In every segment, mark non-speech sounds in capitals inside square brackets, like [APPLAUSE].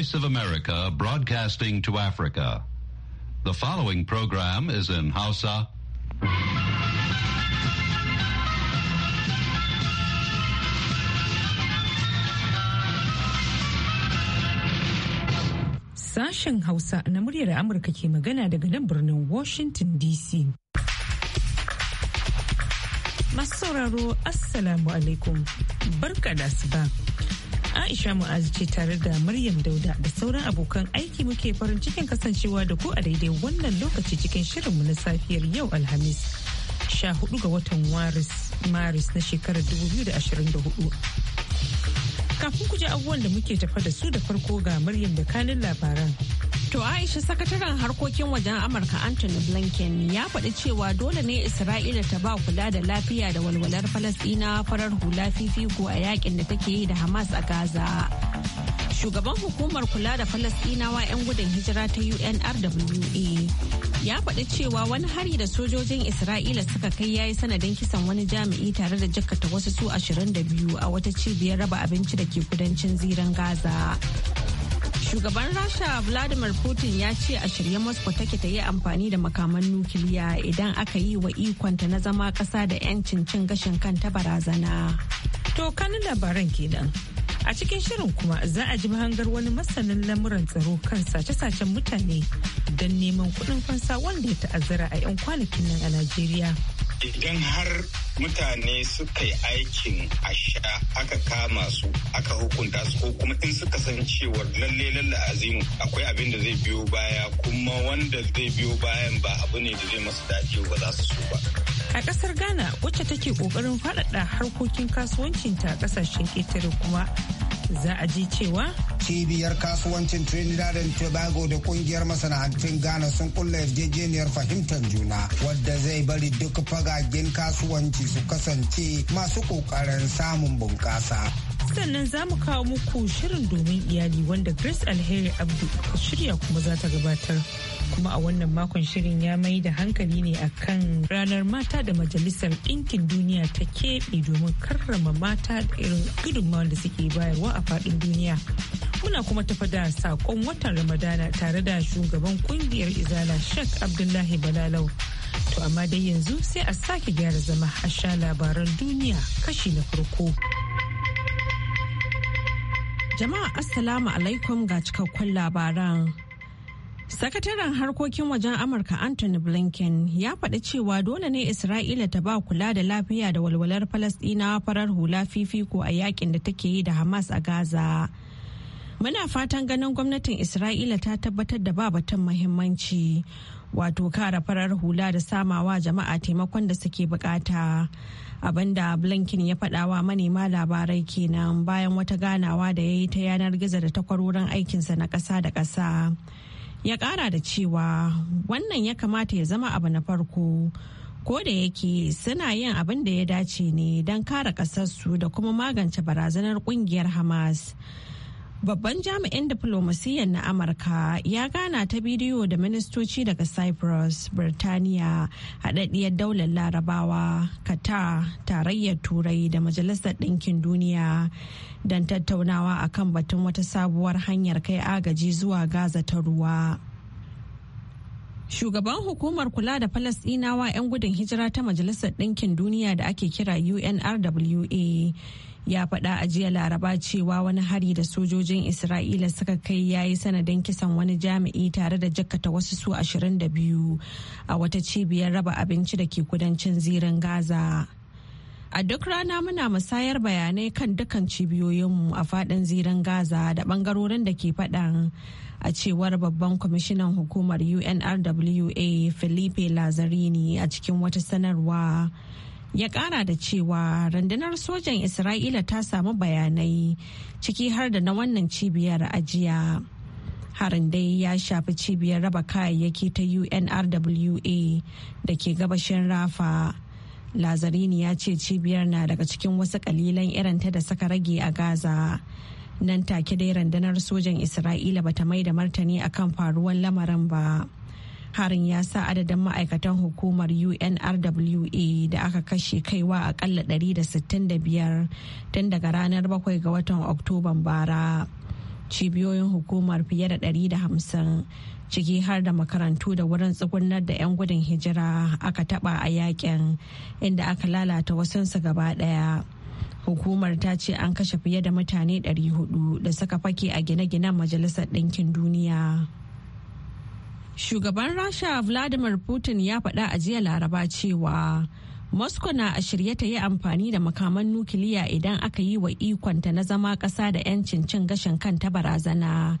Voice of America broadcasting to Africa. The following program is in Hausa. Sashen Hausa na muryar Amurka ke magana daga nan birnin Washington DC. Masu sauraro, Assalamu alaikum, barka da asuba. Aisha Mu'az ce tare da Maryam Dauda da sauran abokan aiki muke farin cikin kasancewa da ku a daidai wannan lokaci cikin shirinmu na safiyar yau Alhamis. sha 14 ga watan Maris na shekarar 2024. Kafin ku ji abubuwan da muke tafa da su da farko ga Maryam da kanin labaran. To Aisha sakataren harkokin wajen Amurka Anthony Blinken ya faɗi cewa dole ne Isra'ila ta ba kula da lafiya da walwalar Falasɗina farar hula fifiko a yakin da take yi da Hamas a Gaza. Shugaban hukumar kula da Falasɗinawa 'yan gudun hijira ta UNRWA e ya faɗi cewa wani hari da sojojin Isra'ila suka kai ya yi sanadin kisan wani jami'i tare da jakkata wasu su 22 a wata cibiyar raba abinci da ke kudancin ziran Gaza. Shugaban Rasha Vladimir Putin ya ce a shirye Moscow take ta yi amfani da makaman nukiliya idan aka yi wa ikonta na zama kasa da 'yancin cin gashin kanta barazana. To kan labaran kenan. A cikin shirin kuma za a ji hangar wani masanin lamuran tsaro kan sace-sacen mutane don neman kudin fansa wanda ya ta'azzara a 'yan kwanakin nan a Najeriya. idan har mutane suka yi aikin a sha aka kama su aka hukunta su ko kuma in suka san cewar lalle lalle azimu akwai abin da zai biyo baya kuma wanda zai biyo bayan ba abu ne da zai masu dace ba za su so ba. A kasar Ghana wacce take ƙoƙarin faɗaɗa harkokin kasuwancinta a ƙasashen ƙetare kuma za a ji cewa cibiyar kasuwancin trinidad and tobago da kungiyar masana'antun ghana sun kulla yarjejeniyar fahimtar juna wadda zai bari duk fagagen kasuwanci su kasance masu kokarin samun bunƙasa sannan za mu kawo muku shirin domin iyali wanda grace alheri abdu shirya kuma za ta gabatar kuma a wannan makon shirin ya mai da hankali ne a kan ranar mata da majalisar ɗinkin duniya ta keɓe domin karrama mata da irin gudunmawar da suke bayarwa a faɗin duniya muna kuma tafa da saƙon watan ramadana tare da shugaban ƙungiyar izala sheikh abdullahi balalau to amma dai yanzu sai a sake gyara zama a sha labaran duniya kashi na farko jama'a assalamu alaikum ga cikakkun labaran Sakataren harkokin wajen Amurka Anthony Blinken ya faɗi cewa dole ne Isra'ila ta ba kula da lafiya da walwalar Falasɗinawa farar hula fifiko a yakin da take yi da Hamas a Gaza. Muna fatan ganin gwamnatin Isra'ila ta tabbatar da ba batun muhimmanci wato kara farar hula da samawa jama'a taimakon da suke bukata. abinda blinken ya faɗawa manema labarai kenan bayan wata ganawa da ya yi ta yanar gizo da takwarorin aikinsa na ƙasa da ƙasa. ya kara da cewa wannan ya kamata ya zama abu na farko ko da yake suna yin abin da ya dace ne don kare kasarsu da kuma magance barazanar kungiyar hamas Babban jami'in diflomasiyyar na Amurka ya gana ta bidiyo da ministoci daga Cyprus, Birtaniya, haɗaɗɗiyar daular Larabawa, Qatar, Tarayyar Turai da Majalisar Ɗinkin Duniya don tattaunawa akan batun wata sabuwar hanyar kai agaji zuwa Gaza ta ruwa. Shugaban hukumar kula da Falasɗinawa 'yan gudun hijira ta Majalisar Ɗinkin Duniya da ake kira UNRWA ya faɗa a jiya laraba cewa wani hari da sojojin Isra'ila suka kai ya yi sanadin kisan wani jami'i tare da jakkata wasu su 22 a wata cibiyar raba abinci da ke kudancin zirin Gaza. A duk rana muna musayar bayanai kan dukkan cibiyoyinmu a faɗin zirin Gaza da ɓangarorin da ke faɗan. a cewar babban kwamishinan hukumar unrwa felipe lazarini a cikin wata sanarwa ya kara da cewa rundunar sojan isra'ila ta samu bayanai ciki har da na wannan cibiyar ajiya harin dai ya shafi cibiyar raba kayayyaki ta unrwa da ke gabashin rafa lazarini ya ce cibiyar na daga cikin wasu kalilan irinta da suka rage a gaza nan take dai rundunar sojan isra'ila bata mai da martani akan faruwar lamarin ba harin ya sa adadin ma'aikatan hukumar unrwa da aka kashe kaiwa akalla 165 tun daga ranar 7 ga watan oktoban bara cibiyoyin hukumar fiye da 150 ciki har da makarantu da wurin tsugunar da 'yan gudun hijira aka taba a yakin inda aka lalata wasansu gaba daya. hukumar ta ce an kashe fiye da mutane 400 da suka fake a gine-ginen majalisar ɗinkin duniya shugaban rasha vladimir putin ya faɗa a jiya laraba cewa moscow na a shirye ta yi amfani da makaman nukiliya idan aka yi wa ikonta na zama ƙasa da 'yancin cin gashin kanta barazana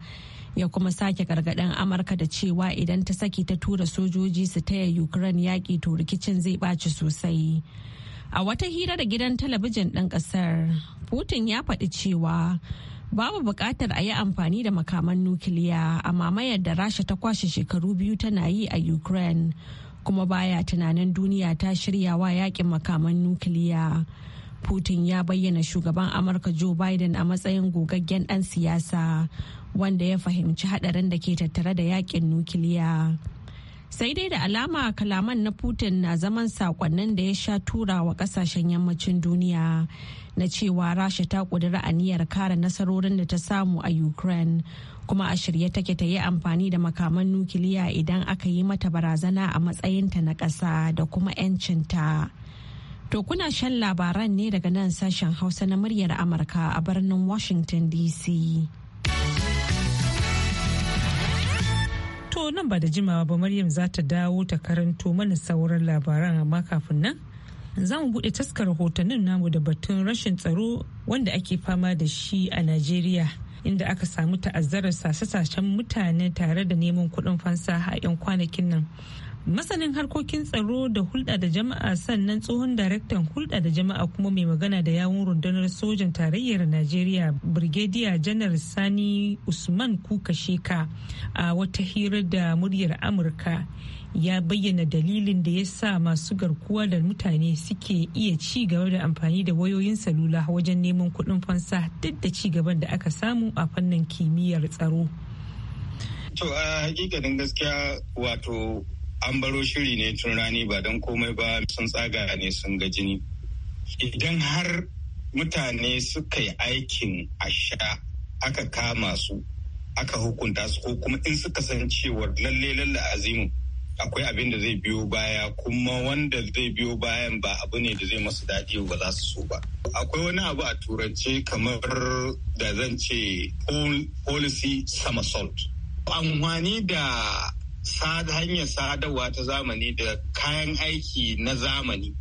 ya kuma sake gargaɗin amurka da cewa idan ta saki ta tura sojoji su taya ukraine yaƙi to rikicin zai ɓaci sosai A wata hira da gidan talabijin ɗin ƙasar, Putin ya faɗi cewa babu buƙatar a yi amfani da makaman nukiliya a mamayar da Rasha ta kwashe shekaru biyu tana yi a Ukraine, kuma baya tunanin duniya ta shirya wa yakin makaman nukiliya. Putin ya bayyana shugaban Amurka Joe Biden a matsayin gogaggen ɗan siyasa wanda ya fahimci haɗarin da ke tattare da yakin nukiliya. sai dai da alama kalaman na putin na zaman sakonnin da ya sha tura wa kasashen yammacin duniya na cewa rasha ta kudura aniyar kare nasarorin da ta samu a ukraine kuma a shirye take ta yi amfani da makaman nukiliya idan aka yi mata barazana a matsayinta na ƙasa da kuma 'yancinta to kuna shan labaran ne daga nan sashen hausa na muryar amurka a birnin washington dc nan ba da jimawa ba Maryam za ta dawo ta karanto mana sauran labaran amma kafin nan za mu buɗe taskar rahotannin namu da batun rashin tsaro wanda ake fama da shi a Najeriya inda aka samu ta'azzarar sasasashen mutane tare da neman kuɗin fansa a 'yan kwanakin nan. masanin harkokin tsaro da hulɗa da jama'a sannan tsohon daraktan hulɗa da jama'a kuma mai magana da yawun rundunar sojan tarayyar najeriya brigadier janar sani usman kuka sheka a wata hira da muryar amurka ya bayyana dalilin da ya sa masu garkuwa da mutane suke iya ci gaba da amfani da wayoyin salula wajen neman kuɗin fansa duk da ci gaban da aka samu a fannin kimiyyar tsaro. To a hakikanin gaskiya wato an baro shiri ne tun rani ba don komai ba sun tsaga ne sun ga jini idan har mutane suka yi aikin a sha aka kama su aka hukunta su ko kuma in suka san cewa lalle lalle azimu akwai abin da zai biyo baya kuma wanda zai biyo bayan ba abu ne da zai masu daɗi ba za su so ba akwai wani abu a turance kamar da zan ce policy somersault amfani da hanyar sadarwa ta zamani da kayan aiki na zamani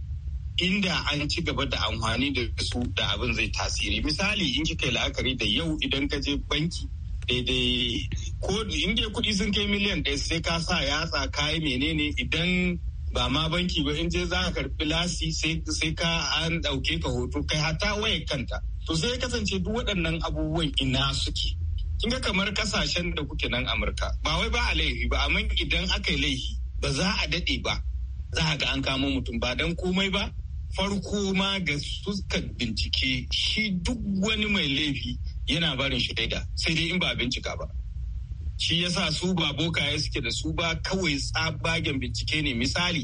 inda an ci gaba da amfani da su da abin zai tasiri misali in kika yi la'akari da yau idan ka je banki daidai ko in dai kuɗi sun kai miliyan ɗaya sai ka sa yatsa kayi menene idan ba ma banki ba in je za ka karɓi lasi sai ka an ɗauke ka hoto kai hata waya kanta to sai ya kasance duk waɗannan abubuwan ina suke kin ga kamar kasashen da kuke nan amurka ba wai ba a laifi ba amma idan aka yi laifi ba za a daɗe ba za a ga an kama mutum ba dan komai ba farko ma ga suka bincike shi duk wani mai laifi yana barin shi daida sai dai in ba bincika ba shi yasa su ba bokaye suke da su ba kawai tsabagen bincike ne misali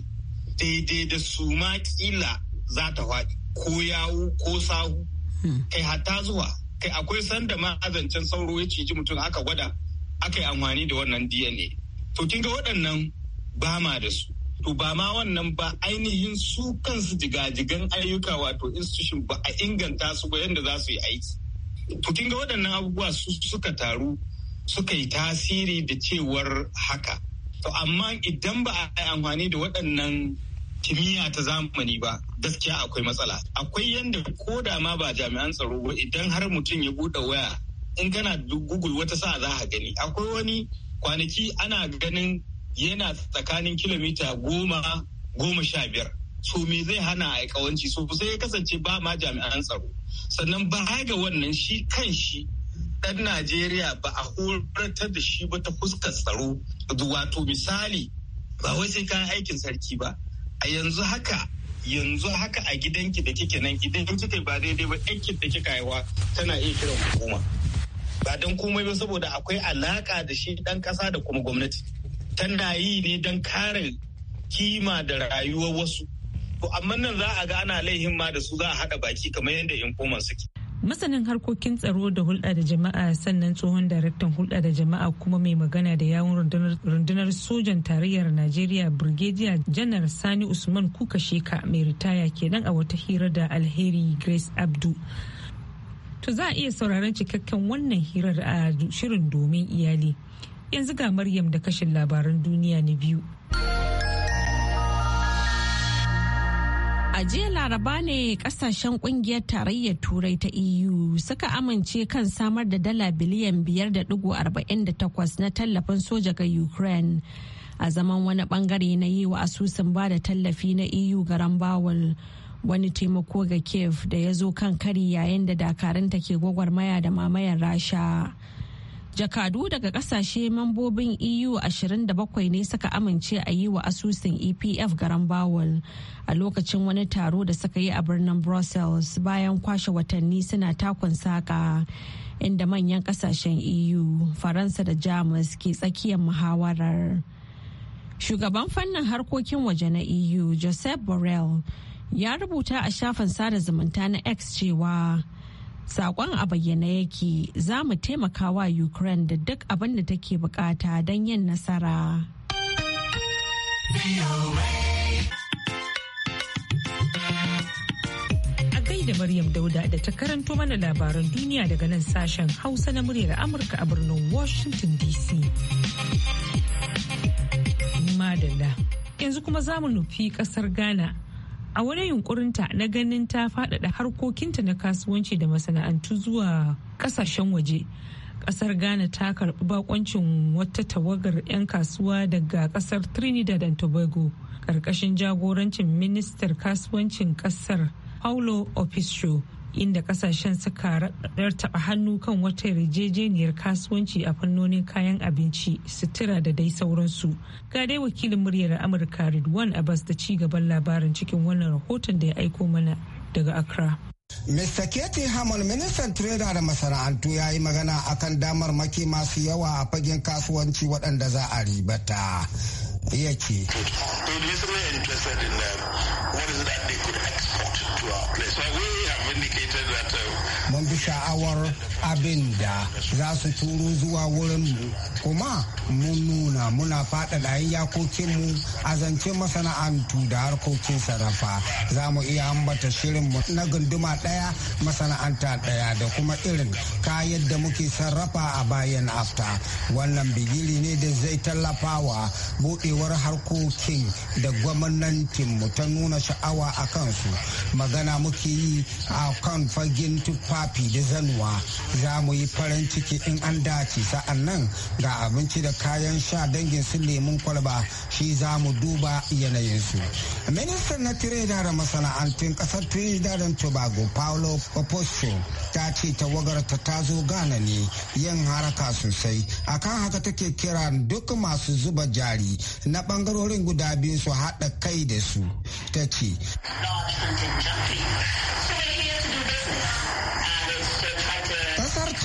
daidai da su ma kila za ta faɗi ko yawu ko sahu hmm. kai hatta zuwa kai akwai sanda ma azancen sauro ya ciji mutum aka gwada aka yi amfani da wannan dna to kin ga waɗannan ba ma da su to ba ma wannan ba ainihin su kansu jigajigan ayyuka wato institution ba a inganta su ba yadda za su yi aiki to kin ga waɗannan abubuwa su suka taru suka yi tasiri da cewar haka to amma idan ba a yi amfani da waɗannan kimiyya ta zamani ba gaskiya akwai matsala akwai yadda ko da ma ba jami'an tsaro ba idan har mutum ya buɗe waya in kana google wata sa za a gani akwai wani kwanaki ana ganin yana tsakanin kilomita goma goma sha biyar so me zai hana a ƙawanci so sai ya kasance ba ma jami'an tsaro sannan baya ga wannan shi kan shi ɗan Najeriya ba a horatar da shi ba ta fuskar tsaro wato misali ba wai sai kayan aikin sarki ba a yanzu haka yanzu haka a gidanki da kike nan idan kika ba daidai ba ɗanki da kika haiwa tana iya kiran hukuma ba don komai ba saboda akwai alaka da shi ɗan ƙasa da kuma gwamnati tana yi ne don kare kima da rayuwar wasu to amma nan za a ga ana laihin ma da su za a haɗa baki kamar yadda infoman suke masanin harkokin tsaro da hulɗa da jama'a sannan tsohon daraktan hulɗa da jama'a kuma mai magana da yawun rundunar sojan tarayyar najeriya brigadier janar sani usman kuka sheka mai ritaya ke kenan a wata hira da alheri grace abdu to za a iya sauraron cikakken wannan hirar a shirin domin iyali yanzu ga maryam da kashin labaran duniya na biyu. A jiya laraba ne kasashen kungiyar tarayyar turai ta EU suka amince kan samar da dala biliyan 5.48 na tallafin soja ga Ukraine. A zaman wani bangare na yi wa asusun ba da tallafi na EU ga Rambawal wani taimako ga Kiev da ya zo kan kari yayin da dakarunta ke gwagwarmaya da mamayar Rasha. jakadu daga kasashe mambobin eu 27 ne suka amince a yi wa asusun epf garan bawal a lokacin wani taro da suka yi a birnin brussels bayan kwashe watanni suna takon saka inda manyan kasashen eu faransa da jamus ke tsakiyar muhawarar shugaban fannin harkokin waje na eu joseph borrell ya rubuta a shafin sada zumunta na x cewa Sakon a bayyana yake za mu taimaka wa Ukraine da duk abin da take bukata don yin nasara. A gaida Maryam Dauda da ta karanto mana labaran duniya daga nan sashen Hausa na muryar Amurka a birnin Washington DC. Madalla. Yanzu kuma za mu nufi kasar Ghana. a wani yunkurinta na ganin ta faɗaɗa harkokinta na kasuwanci da masana'antu zuwa ƙasashen waje ƙasar ghana ta karɓi bakoncin wata tawagar 'yan kasuwa daga ƙasar trinidad and tobago ƙarƙashin jagorancin ministar kasuwancin ƙasar paulo opisho inda kasashen suka taba hannu kan wata yarjejeniyar kasuwanci a fannonin kayan abinci sutura da dai sauransu ga dai wakilin muryar amurka ridwan abbas da ci gaban labarin cikin wannan rahoton da ya aiko mana daga accra Mr. keti Hammond, ministan Tireda da masana'antu ya yi magana akan damar maki masu yawa a fagen kasuwanci waɗanda za a ribata. Ya ce. sha'awar abin da za su turo zuwa wurinmu kuma mun nuna muna faɗaɗa yakokinmu a zance masana'antu da harkokin sarrafa za mu iya ambata shirinmu na gunduma ɗaya masana'anta ɗaya da kuma irin kayan da muke sarrafa a bayan afta wannan bigiri ne da zai tallafawa buɗewar harkokin da gwamnatinmu ta nuna sha'awa a kansu magana muke yi a kan fagin tufafi gizanwa za mu yi farin ciki in an dace sa'an nan ga abinci da kayan sha dangin su lemun kwalba shi za mu duba su ministan na tireda da masana'antun kasar tireda da tobago paulo oposto ta ce tawagar ta ta zo gana ne yin haraka sosai akan haka take kira duk masu zuba jari na bangarorin guda biyu su haɗa kai da su ta ce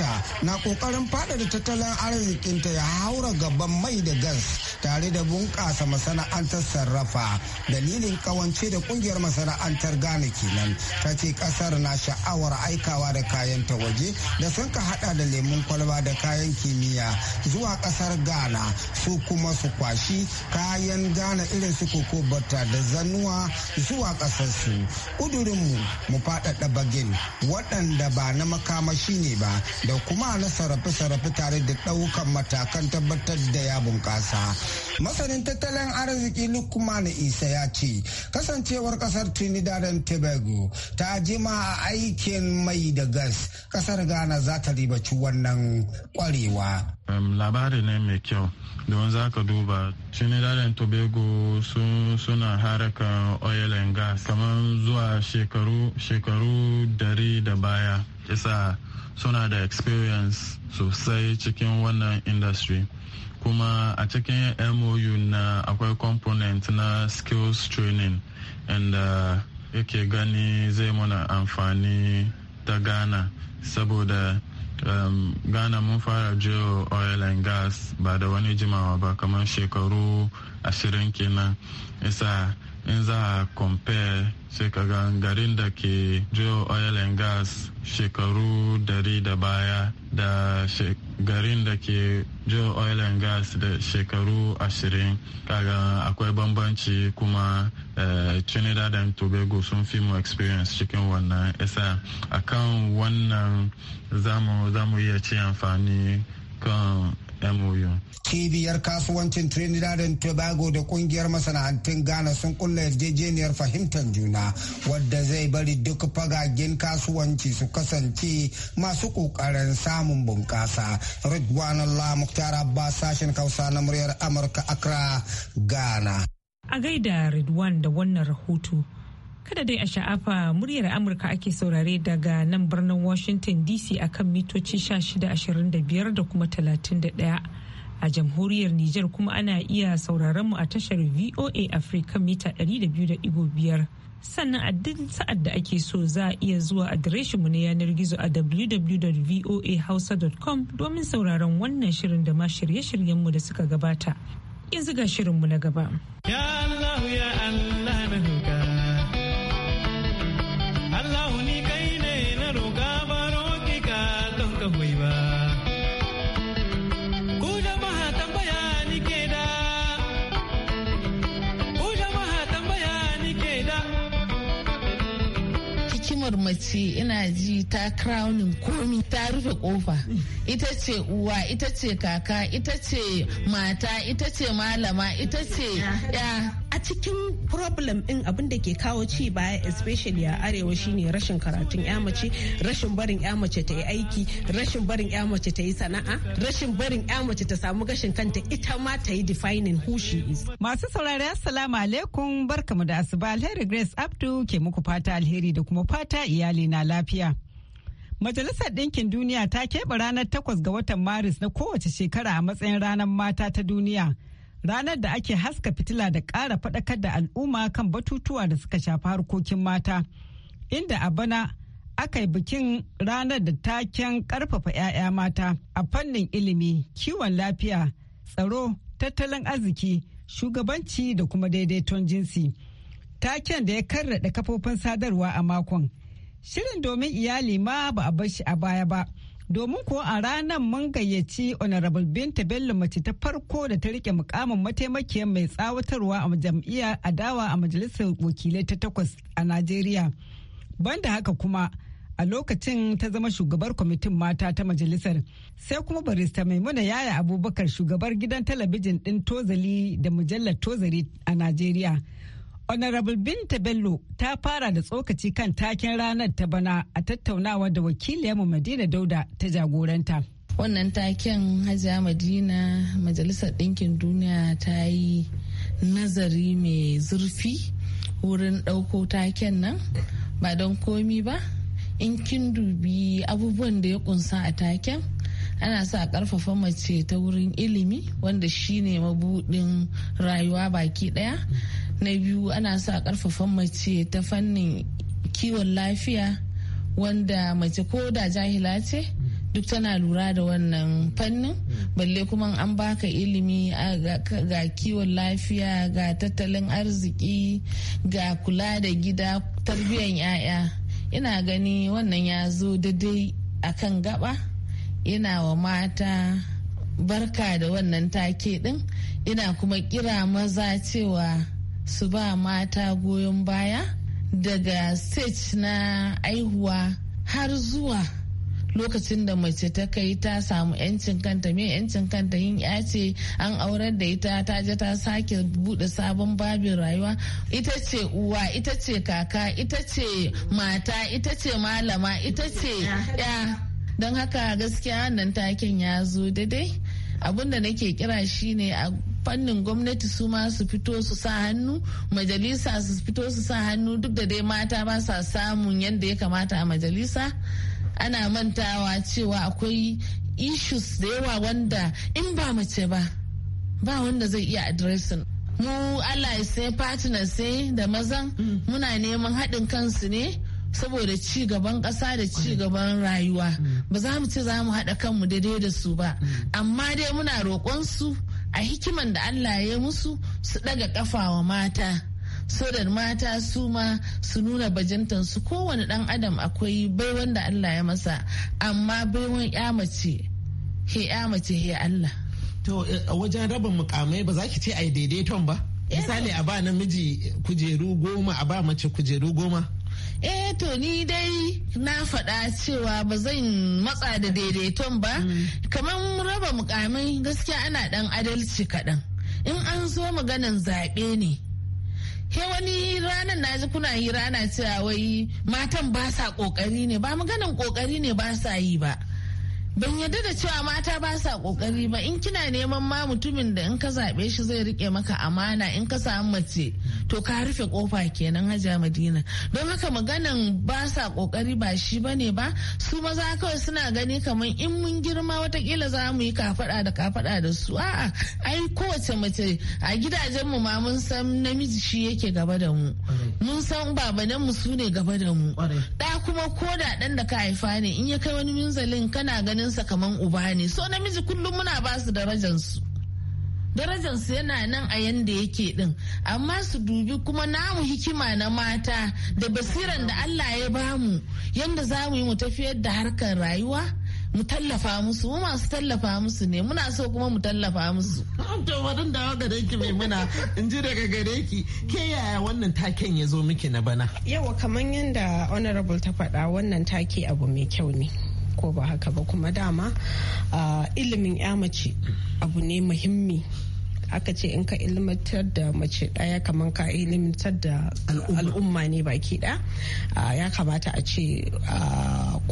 ta na kokarin da tattalin arzikinta ya haura gaban mai da gas tare da bunƙasa masana'antar sarrafa dalilin kawance da ƙungiyar masana'antar ghana kenan ta ce kasar na sha'awar aikawa da kayan ta waje da sun ka hada da lemun kwalba da kayan kimiyya zuwa kasar ghana su kuma su kwashi kayan ghana irin su koko bata da zanuwa zuwa ƙasar su kudurinmu mu faɗaɗa bagin waɗanda ba na makamashi ne ba da kuma na sarrafe-sarrafe tare da ɗaukan matakan tabbatar da ya bunƙasa. Masanin tattalin arziki Lukman Isa ya ce kasancewar ƙasar Trinidad and Tobago ta jima a aikin mai da gas ƙasar Ghana za ta ribaci wannan ƙwarewa. labari ne mai kyau don za ka duba trinidad and tobago suna harakan oil and gas kamar zuwa shekaru dari da baya isa suna da experience sosai cikin wannan industry kuma a cikin mou na akwai component na skills training inda uh, yake gani zai muna amfani ta ghana saboda um, ghana mun fara jiyo oil and gas ba da wani jimawa ba kamar shekaru ashirin kenan isa in za a compare sai ka ga garin da ke drill oil and gas shekaru dari da baya da garin da ke drill oil and gas da shekaru ashirin kaga akwai bambanci kuma eh, trinidad and tobago sun fi mu experience cikin wannan isa akan wannan zamu iya ci amfani kan MOU. Cibiyar kasuwancin Trinidad and Tobago da kungiyar masana'antun Ghana sun kulla yarjejeniyar fahimtar juna wadda zai bari duk fagagen kasuwanci su kasance masu kokarin samun bunƙasa. Ridwan Allah abba Abbas sashen Hausa na muryar Amurka Accra, Ghana. A gaida Ridwan da wannan rahoto. Kada dai a sha'afa muryar Amurka ake saurare daga nan birnin Washington DC akan mitoci 1625 da kuma 31. A jamhuriyar Nijar kuma ana iya sauraron mu a tashar VOA Africa mita 200.5. Sannan a duk sa'ad da ake so za a iya zuwa adireshinmu na yanar gizo a www.voahausa.com domin sauraron wannan shirin da ma shirye-shiryenmu da suka gabata. Yanzu ga shirinmu na gaba. Ya Allah ya Allah na mace ina ji ta crowning komi ta rufe kofa ita ce uwa ita ce kaka ita ce mata ita ce malama ita ce ya cikin problem din abin da ke kawo ci baya especially a arewa shine rashin karatun ya mace rashin barin ya mace ta yi aiki rashin barin ya mace ta yi sana'a rashin barin ya mace ta samu gashin kanta ita ma ta yi defining who she is masu saurari assalamu alaikum barkamu da asuba alheri grace abdu ke muku fata alheri da kuma fata iyali na lafiya Majalisar Ɗinkin Duniya ta keɓe ranar 8 ga watan Maris na kowace shekara a matsayin ranar mata ta duniya. ranar da ake haska fitila da ƙara faɗakar da al'umma kan batutuwa da suka shafi harkokin mata inda a bana aka yi bikin ranar da taken ƙarfafa 'ya'ya mata a fannin ilimi kiwon lafiya tsaro tattalin arziki shugabanci da kuma daidaiton jinsi taken da ya karrada kafofin sadarwa a makon shirin domin iyali ma ba a bar shi a baya ba. domin ko a ranar mun gayyaci honorable binta bello mace ta farko da ta rike mukamin mataimakiyar mai tsawatarwa a jam'iyyar adawa a majalisar wakilai ta takwas a najeriya banda haka kuma a lokacin ta zama shugabar kwamitin mata ta majalisar sai kuma barista maimuna yaya abubakar shugabar gidan talabijin din tozali da mujallar tozali a najeriya Honorable Binta Bello ta fara da tsokaci kan taken ranar ta bana a tattaunawa da wakiliyarmu Madina Dauda ta jagoranta. Wannan taken Hajiya Madina Majalisar Ɗinkin Duniya ta yi nazari mai zurfi wurin ɗauko taken nan ba don komi ba. In kin dubi abubuwan da ya kunsa a taken ana sa karfafa mace ta wurin ilimi wanda shine mabudin rayuwa baki ɗaya. na biyu ana sa karfafa mace ta fannin kiwon lafiya wanda mace ko da jahila ce duk tana lura da wannan fannin balle kuma an baka ilimi ga kiwon lafiya ga tattalin arziki ga kula da gida tarbiyyar 'ya'ya ina gani wannan ya zo daidai akan gaba ina wa mata barka da wannan take din ina kuma kira maza cewa su ba mata goyon baya daga stage na aihuwa har zuwa lokacin da mace ta kai ta samu yancin kanta me yancin kanta yin ya ce an aurar da ita ta je ta sake bude sabon babin rayuwa ita ce uwa ita ce kaka ita ce mata ita ce malama ita ce ya don haka gaskiya wannan takin ya zo daidai abinda nake kira shine a fannin gwamnati su ma su fito su sa hannu majalisa su fito su sa hannu duk da dai mata ba sa samun yadda ya kamata a majalisa ana mantawa cewa akwai issues da yawa wanda in ba mace ba ba wanda zai iya addressing mu allah sai partner sai da mazan muna neman haɗin kansu ne saboda ci gaban ƙasa da ci gaban rayuwa mm. ba za mu ce za mu haɗa kanmu daidai da su ba mm. amma dai muna roƙon su a hikiman da Allah ya musu su daga ƙafa wa mata da mata su ma su nuna bajintan su kowane dan adam akwai baiwan da Allah ya masa amma baiwan ya mace he ya mace he Allah to eh, wajen rabin mukamai ba za ki ce ai daidaiton ba misali a ba namiji kujeru goma a ba mace kujeru goma eh to ni dai na faɗa cewa ba zan matsa da daidaiton ba mm. kamar raba mukamai gaskiya ana ɗan adalci kaɗan in an zo maganan zaɓe ne he wani ranar na ji kuna yi rana cewa wai matan ba sa ƙoƙari ne ba maganan ƙoƙari ne ba sa yi ba ban yarda da cewa mata ba sa kokari ba in kina neman ma mutumin da in ka zaɓe shi zai rike maka amana in ka samu mace to ka rufe kofa kenan hajiya madina don haka maganan ba sa kokari ba shi bane ba su maza kawai suna gani kamar in mun girma watakila za mu yi kafada da kafada da su a'a ai kowace mace a gidajen mu ma mun san namiji shi yake gaba da mu mun san babanan mu su ne gaba da mu da kuma ko da dan da ka haifa ne in ya kai wani minzalin kana ganin sa kamar uba ne so namiji kullum muna ba su darajar su su yana nan a yanda yake din amma su dubi kuma namu hikima na mata da basiran da allah ya bamu yanda za mu yi mu tafiyar da harkar rayuwa mu tallafa musu mu masu tallafa musu ne muna so kuma mu tallafa musu [LAUGHS] to wadan da ga ki mai muna in ji daga gare ki ke yaya wannan taken ya zo miki na bana yawa kamar yanda honorable ta faɗa wannan take abu mai kyau ne ko ba haka ba kuma dama ilimin ya mace abu ne muhimmi aka ce in ka ilmantar da mace daya kamar ka ilmantar da al'umma ne baki da ya kamata a ce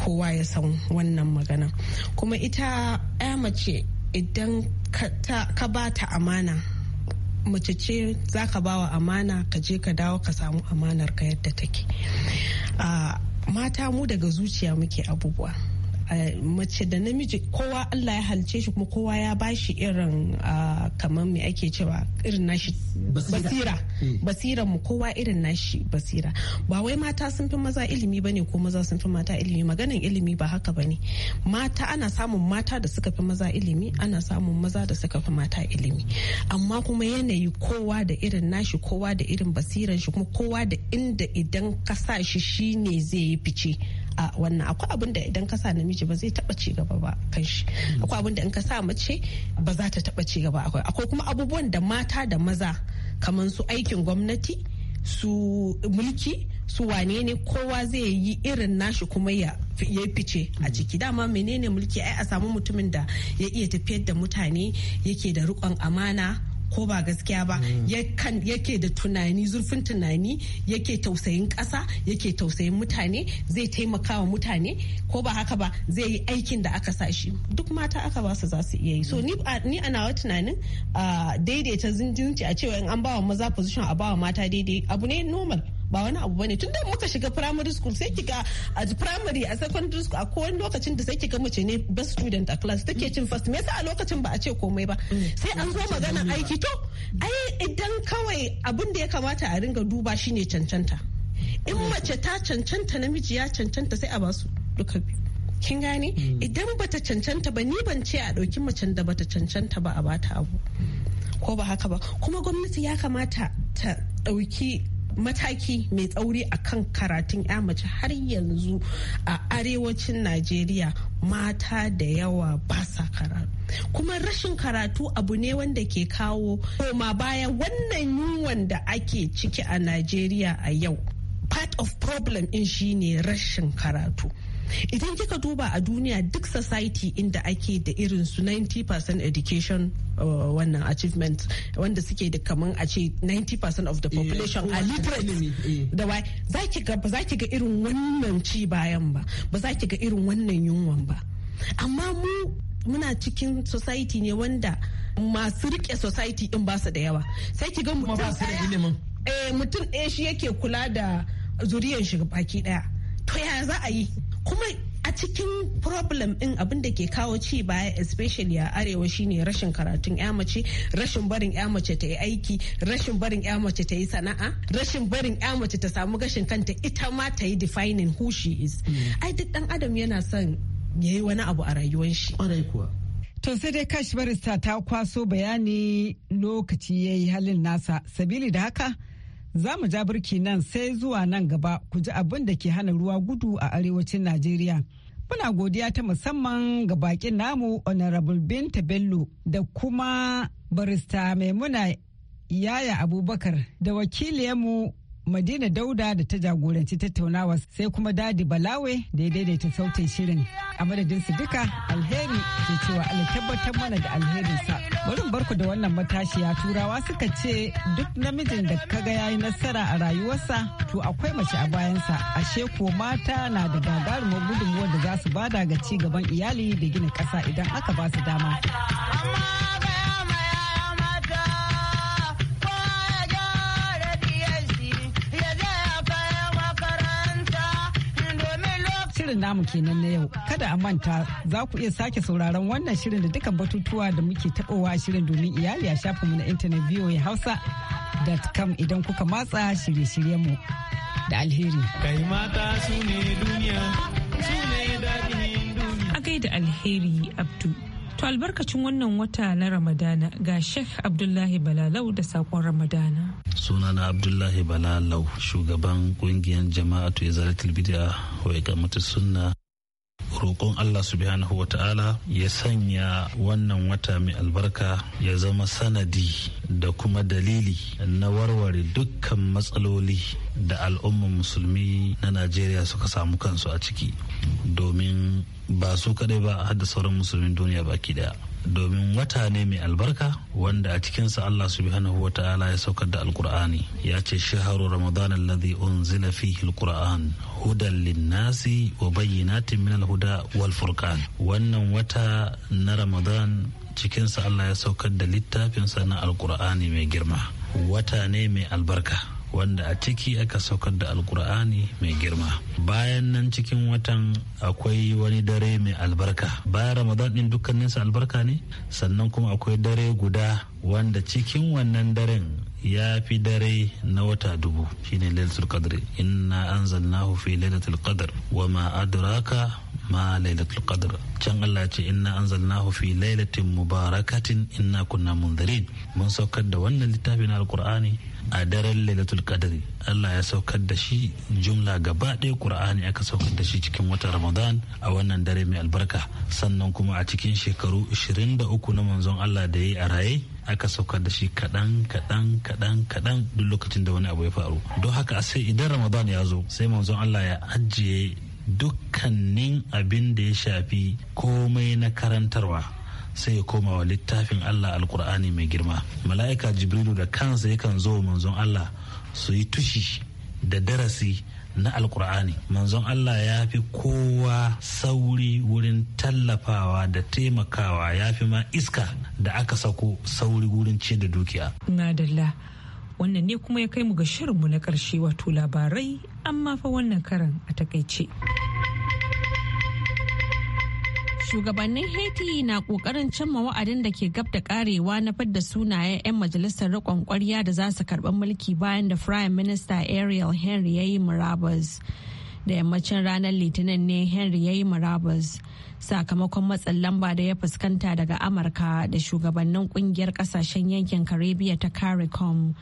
kowa ya san wannan magana kuma ita ya mace idan ka ba ta amana mace ce za ka bawa amana ka je ka dawo ka samu amanar ka yadda take mata mu daga zuciya muke abubuwa mace da namiji kowa Allah ya halice shi kuma kowa ya bashi irin kamar me ake cewa irin nashi basira basira hmm. mu kowa irin nashi basira ba wai mata sun fi maza ilimi bane ko maza sun fi mata ilimi Maganin ilimi ba haka bane mata ana samun mata da suka fi maza ilimi ana samun maza da suka fi mata ilimi amma kuma yanayi kowa da irin nashi kowa da irin basiran shi kuma kowa da inda idan ka sa shi shine zai yi fice a wannan akwai abin da idan ka sa namiji ba zai taba ci gaba ba kan shi akwai abin da in ka sa mace ba za ta taba ci gaba akwai akwai kuma abubuwan da mata da maza kamar su aikin gwamnati su mulki su wane ne kowa zai yi irin nashi kuma ya fice a mm. ciki dama menene mulki ai a samu mutumin da ya iya tafiyar da mutane yake da rikon amana ko ba gaskiya ba mm. yake da tunani zurfin tunani yake tausayin ƙasa yake tausayin mutane zai taimaka wa mutane ko ba haka ba zai yi aikin da aka sashi duk mata aka ba su za su iya yi so ni a nawa tunanin daidaita zinjinci a cewa in an bawa maza position a bawa mata daidai abu ne normal ba wani abu bane tun da muka shiga primary school sai kika a primary a secondary school a kowane lokacin da sai kika mace ne best student a class take cin first me yasa a lokacin ba a ce komai ba sai an zo magana aiki to ai idan kawai abin da ya kamata a ringa duba shine cancanta in mace ta cancanta namiji ya cancanta sai a basu duka biyu kin gane hmm. idan bata cancanta ba ni ban ce a dauki macen da bata cancanta ba a bata abu ko ba haka ba kuma gwamnati ya kamata ta ɗauki mataki mai tsauri a kan karatun ya mace har yanzu a arewacin najeriya mata da yawa ba sa karatu kuma rashin karatu abu ne wanda ke kawo koma baya wannan yunwan da ake ciki a najeriya a yau part of problem in shine rashin karatu idan kika duba a duniya duk society inda ake da irin su 90% education uh, wannan achievement wanda suke da kaman a ce 90% of the eh, population a literate eh. da wai za ki ga ba za ki ga irin wannan ci bayan ba ba za ki ga irin wannan yunwan ba amma mu muna cikin society ne wanda masu rike society din ba su da yawa sai ki ga eh, mutum ɗaya shi yake kula da zuriyar shi baki ɗaya to ya za a yi kuma a cikin problem din abin da ke kawo ci baya especially a arewa shine rashin karatun ya mace rashin barin ya mace ta yi aiki rashin barin ya mace ta yi sana'a rashin barin ya mace ta samu gashin kanta ita ma ta yi defining who she is mm. ai duk dan adam yana son ya yi wani abu a rayuwar shi To sai dai kash barista ta kwaso bayani lokaci ya yi halin nasa sabili da haka Za mu ja birki nan sai zuwa nan gaba ku ji abin da ke hana ruwa gudu a arewacin Najeriya. Muna godiya ta musamman ga bakin namu Honorable Binta Bello da kuma barista Maimuna Yaya Abubakar da wakiliyarmu Madina Dauda da ta jagoranci tattaunawa sai kuma Dadi Balawe da ya daidaita sautin shirin. A madadin su duka alheri ke cewa Allah tabbatar mana da alherinsa. Bari barku da wannan ya turawa suka ce duk namijin da kaga yayi nasara a rayuwarsa to akwai mace a bayansa. Ashe ko mata na da gagarumar gudunmuwar da za su bada ga ci gaban iyali da gina ƙasa idan aka ba su dama. Shirin namu kenan na yau. Kada a manta za ku iya sake sauraron wannan shirin da dukkan batutuwa da muke taɓowa shirin domin iyali a shafinmu na intanet VOA Hausa.com idan kuka matsa shirye-shiryenmu da alheri. Kai mata su ne duniya, su ne daɗin duniya. A gaida alheri Abdu. To albarkacin wannan wata na Ramadana ga Sheikh Abdullahi Balalau da sakon Ramadana. Sunana Abdullahi Balalau shugaban kungiyar jama'atu ya zaratul bid'a wa mata sunna rokon Allah subhanahu wa ta'ala ya sanya wannan wata mai albarka ya zama sanadi da kuma dalili na warware dukkan matsaloli da al'umman musulmi na Najeriya suka samu kansu a ciki domin ba su kadai ba a haddasa sauran musulmin duniya baki daya. domin wata ne mai albarka wanda a cikinsa Allah subhanahu wa ta'ala ya saukar da alkur'ani ya ce shaharu ramadan alladhi unzila fihi alquran hudan linnasi wa bayyinatin min alhuda wal furqan wannan wata na ramadan cikinsa Allah ya saukar da littafinsa na alkur'ani mai girma wata ne mai albarka wanda a ciki aka saukar da alkur'ani mai girma bayan nan cikin watan akwai wani dare mai albarka bayan ramadan din dukkaninsa albarka ne sannan kuma akwai dare guda wanda cikin wannan daren ya fi dare na wata dubu shine lailatul qadr inna anzalnahu fi lailatul qadr wa ma adraka ma lailatul qadr can Allah ce inna anzalnahu fi lailatin mubarakatin inna kunna munzirin mun saukar da wannan littafin alqur'ani a daren lailatul qadri Allah ya saukar da shi jumla gaba ɗaya Qur'ani aka saukar da shi cikin watan Ramadan a wannan dare mai albarka sannan kuma a cikin shekaru 23 na manzon Allah da ya yi a raye aka saukar da shi kaɗan kaɗan kaɗan kaɗan duk lokacin da wani abu ya faru don haka sai idan Ramadan ya zo sai manzon Allah ya ajiye dukkanin abin da ya shafi komai na karantarwa sai ya koma wa littafin Allah alkur'ani mai girma mala'ika jibrilu da kansa yakan zo manzon Allah su yi tushi da darasi na alkur'ani manzon Allah ya fi kowa sauri wurin tallafawa da taimakawa ya fi ma iska da aka sako sauri wurin ce da dukiya nadalla wannan ne kuma ya kai mu ga shirinmu na ƙarshe wato labarai amma fa wannan karan a takaice. shugabannin haiti na kokarin cimma wa'adin da ke gab da karewa na fadda sunayen 'yan majalisar rikon kwarya da za su karɓi mulki bayan da prime minister ariel henry ya yi murabus da yammacin ranar litinin ne henry ya yi murabus sakamakon matsin lamba da ya fuskanta daga amurka da shugabannin kungiyar kasashen yankin caribbean ta caricom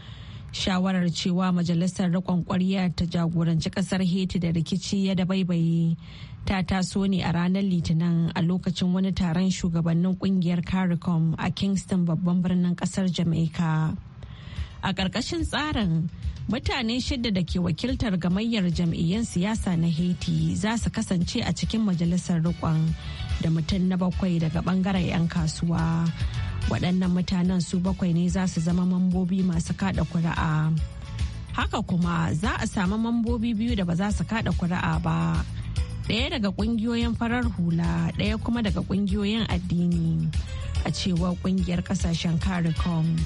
shawarar cewa majalisar rikon kwarya ta jagoranci kasar haiti da rikici ya dabaibaye ta taso ne a ranar litinin a lokacin wani taron shugabannin kungiyar caricom a kingston babban birnin kasar jamaica a ƙarƙashin tsarin mutane shida da ke wakiltar gamayyar jam'iyyar siyasa na haiti za su kasance a cikin majalisar rikon da mutum na bakwai daga bangaren 'yan kasuwa waɗannan mutanen su bakwai ne za su zama mambobi masu kada kuri'a haka kuma za a sami mambobi biyu da ba za su kada kuri'a ba ɗaya daga ƙungiyoyin farar hula ɗaya kuma daga ƙungiyoyin addini a cewa ƙungiyar ƙasashen CARICOM.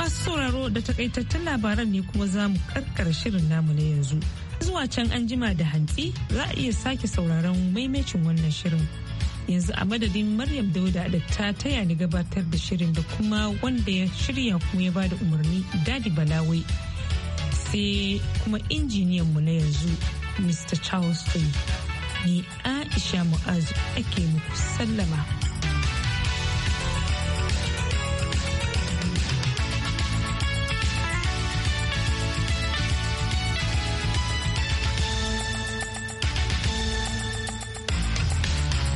Masu sauraro da takaitattun labaran ne kuma za mu karkar shirin namu na yanzu. Zuwa can an jima da hantsi za a iya sake sauraron maimacin wannan shirin. Yanzu a madadin Maryam Dauda da ta taya ni gabatar da shirin da kuma wanda ya shirya kuma ya bada umarni Dadi Balawai. Sai kuma injiniyan mu na yanzu Mr. Charleston. Ni Aisha Mu'azu ake muku sallama